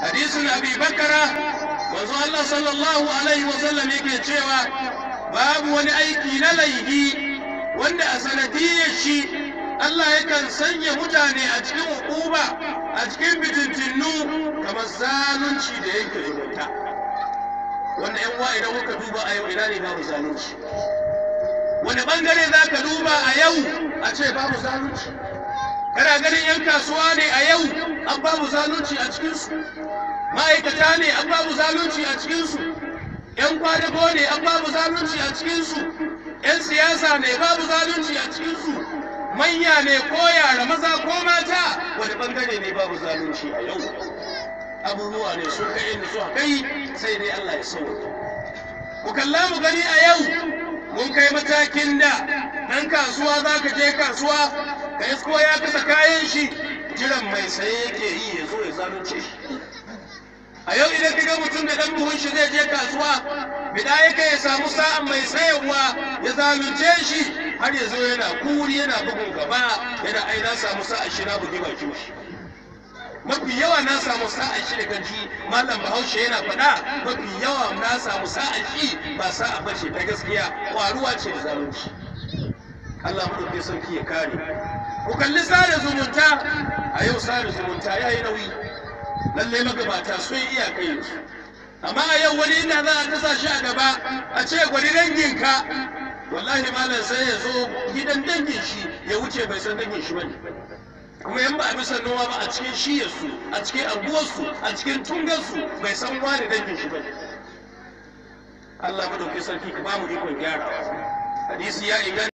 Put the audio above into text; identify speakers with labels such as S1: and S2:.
S1: hadisin abi bakara wanzu Allah sallallahu alaihi wasallam yake cewa babu wani aiki na laifi wanda a sanadiyyar shi Allah yakan sanya mutane a cikin hukuma a cikin fitintinu kamar zalunci da yake rubuta wanda yan wa idan kuka duba a yau ina ne babu zalunci wani bangare za ka duba a yau a ce babu zalunci kana ganin yan kasuwa ne a yau an babu zalunci a cikinsu ma'aikata ne an babu zalunci a cikinsu yan kwadago ne an babu zalunci a cikinsu yan siyasa ne babu zalunci a cikinsu manya ne ko yara maza ko mata wani bangare ne babu zalunci a yau abubuwa ne sun kai ne su kai sai dai Allah ya sauka ku kalla mu gani a yau mun kai matakin da ɗan kasuwa za ka je kasuwa ka isko ya kasa kayan shi jiran mai saye yake yi ya zo ya zalunce shi a yau idan ka ga mutum da ɗan buhun shi zai je kasuwa bida yake ya samu sa'an mai sayarwa ya zalunce shi har ya zo yana kuri yana bugun gaba yana ai na samu sa'an shi na bugi baki shi mafi yawa na samu sa'an shi da kanji malam bahaushe yana faɗa mafi yawa na samu sa'an shi ba sa'a bace ta gaskiya ƙwaruwa ce da zalunci Allah maɗauki sarki ya kare ku kalli sare zumunta a yau sare zumunta ya yi nauyi lallai magabata sun iya kai su amma a yau wani ina za a dasa shi a gaba a ce gwani danginka wallahi malam sai ya zo gidan dangin shi ya wuce bai san dangin shi bane kuma yan ba a bisa noma ba a cikin shiyarsu a cikin abuwarsu a cikin tungarsu bai san wani dangin shi bane Allah madaukakin sarki ka ba mu ikon gyara hadisi ya inganta